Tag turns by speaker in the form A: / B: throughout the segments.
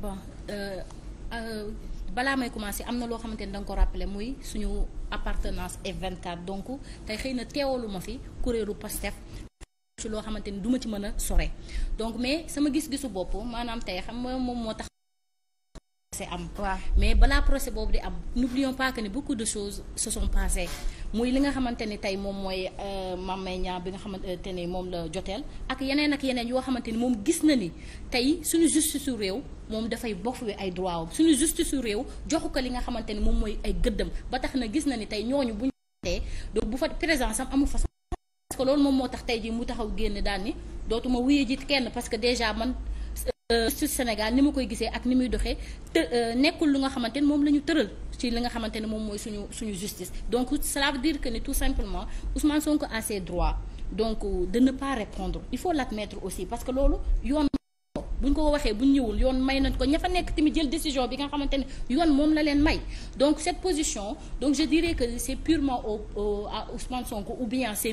A: bon euh, euh, balaa may commencer am na loo xamante ni da nga ko rappeler muy suñu appartenance F24 donc tey xëy na teewalu ma fi kuréelu Pastef ci loo xamante ni duma ci mën a sore donc mais sama gis-gisu bopp maanaam tey xam moom moo tax procès am mais balaa procès boobu di am n'oublions pas que ni beaucoup de choses se sont passées muy li nga xamante ni tey moom mooy euh, Mame bi nga xamante euh, ni moom la joteel ak yeneen ak yeneen yoo xamante ni moom gis na ni tey suñu justice su réew moom dafay bofwe ay droit am suñu justice su réew joxu ko li nga xamante ni moom mooy ay gëddam ba tax na gis na ni tey ñooñu buñ tee donc bu fa présence am amul façon parce que loolu moom moo tax tey jii mu taxaw génn daal justice euh, Sénégal ni ma koy gisee ak ni muy doxee te euh, nekkul lu nga xamante ne moom la ñu tëral ci li nga xamante ne moom mooy suñu suñu justice donc cela veut dire que ni tout simplement Ousmane Sonko a ses droits donc de ne pas répondre il faut l'admettre aussi parce que loolu yoon bu ñu ko waxee bu ñu ñëwul yoon may nañ ko ña fa nekk tamit jël décision bi nga xamante ne yoon moom la leen may donc cette position donc je dirais que c'est purement au, au à Ousmane Sonko ou bien c'est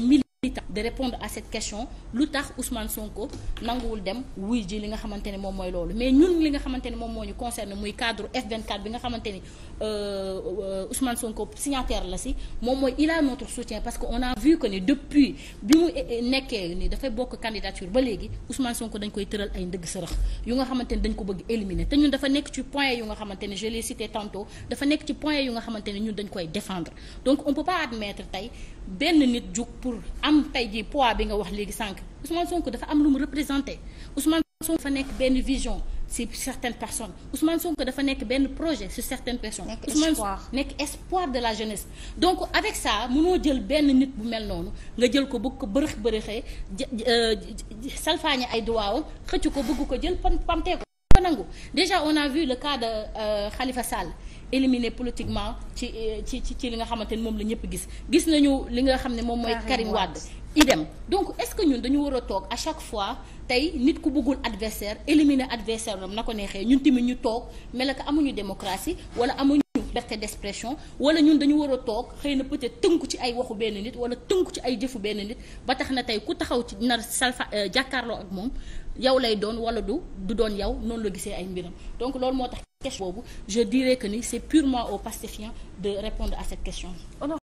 A: de répondre à cette question lu tax Ousmane Sonko nanguwul dem wuy ji li nga xamante ne moom mooy loolu mais ñun li nga xamante ne moom moo ñu concerne muy cadre f bi nga xamante ni euh, son Sonko signataire la si moom mooy il a notre soutien parce que on a vu que ni depuis bi mu eh, eh, nekkee ni dafay bokk candidature ba léegi Ousmane Sonko dañ koy tëral ay ndëgg sërëx yu nga xamante ne dañ ko bëgg éliminer te ñun dafa nekk ci point yu nga xamante ne je l'ai cité tantôt dafa nekk ci point yu nga xamante ne ñun dañ koy défendre donc on peut pas admettre tey benn nit jug pour am tey jii poids bi nga wax léegi sànq Ousmane Sonko dafa am lu mu représenté Ousmane Sonko dafa nekk benn vision si certaines personnes Ousmane Sonko dafa nekk benn projet sur certaines personnes. nekk espoir Ousmane nekk espoir de la jeunesse. donc avec ça mënoo jël benn nit bu mel noonu nga jël ko bëgg ko bërëx bërëxee euh, salfaañe ay duwaawam xëcc ko bëgg ko jël pamtee ko. nangu déjà on a vu le cas de euh, Khalifa Sall éliminé politiquement ci euh, ci ci li nga xamante ne moom la ñëpp gis gis nañu li nga xam ne moom mooy Karim Wade idem donc est-ce que ñun dañu war a toog à chaque fois tey nit ku bëggul adversaire éliminer adversaire am na ko neexee ñun tamit ñu toog mel ko amuñu démocratie wala amuñu liberté d'expression wala ñun dañu war a toog xëy na peut-être tënku ci ay waxu benn nit wala tënku ci ay jëfu benn nit ba tax na tey ku taxaw ci na salfa euh, jàkkaarloo ak moom yow lay doon wala du du doon yow noonu la gisee ay mbiram donc loolu moo tax question boobu je dirais que ni c'est purement aux pacifiens de répondre à cette question